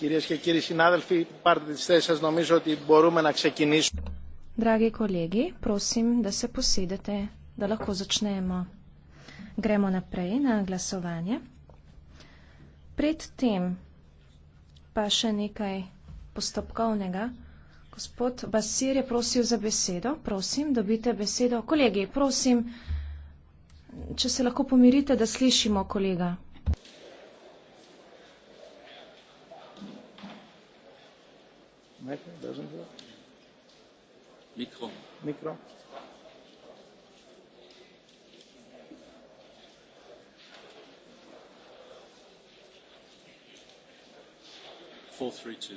Κυρίες και κύριοι συνάδελφοι, πάρτε τις θέσεις σας. Νομίζω ότι μπορούμε να ξεκινήσουμε. Dragi colleghi, prosim da se posedete, da lahko začnemo. Gremo naprej na glasovanje. Pred tem pa še nekaj postopkovnega. Gospod Basir je prosil za besedo. Prosim, dobite besedo. Kolegi, prosim, če se lahko pomirite, da slišimo kolega. Nee, dat is een woord. Micro. Micro. Four, three, two.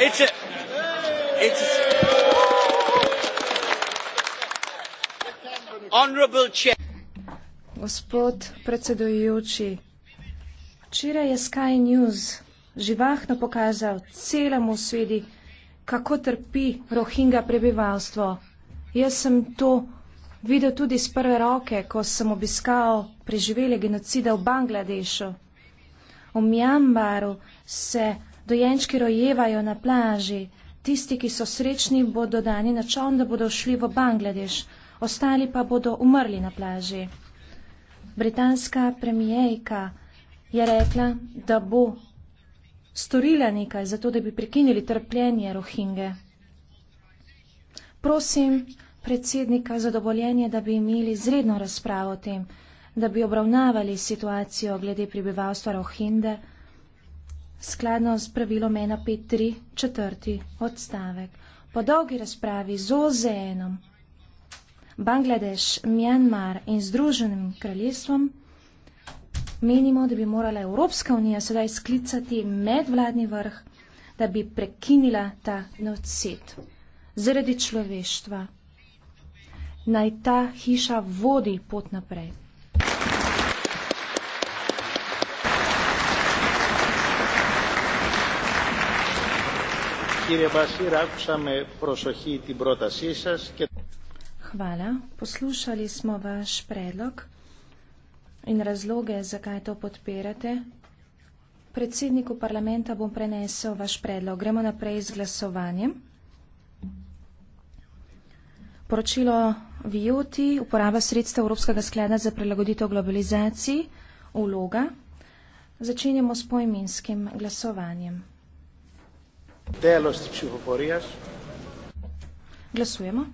it's a, it's a, honorable chair. Gospod predsedujoči, včeraj je Sky News živahno pokazal celemu svedi, kako trpi rohinga prebivalstvo. Jaz sem to videl tudi iz prve roke, ko sem obiskal preživele genocida v Bangladešu. V Mjambaru se dojenčki rojevajo na plaži, tisti, ki so srečni, bodo dani na čovn, da bodo šli v Bangladeš, ostali pa bodo umrli na plaži. Britanska premijejka je rekla, da bo storila nekaj za to, da bi prekinili trpljenje rohinge. Prosim predsednika za dovoljenje, da bi imeli zredno razpravo o tem, da bi obravnavali situacijo glede prebivalstva rohinge skladno s pravilom 1.5.3. četrti odstavek. Po dolgi razpravi z OZN-om Bangladeš, Mjanmar in Združenim kraljestvom menimo, da bi morala Evropska unija sedaj sklicati medvladni vrh, da bi prekinila ta nocet zaradi človeštva. Naj ta hiša vodi pot naprej. Hvala. Poslušali smo vaš predlog in razloge, zakaj to podpirate. Predsedniku parlamenta bom prenesel vaš predlog. Gremo naprej z glasovanjem. Poročilo Vijoti, uporaba sredstev Evropskega skleda za prilagoditev globalizaciji, vloga. Začenjamo s pojminskim glasovanjem. Τέλος της ψηφοφορίας. Γλασούμε.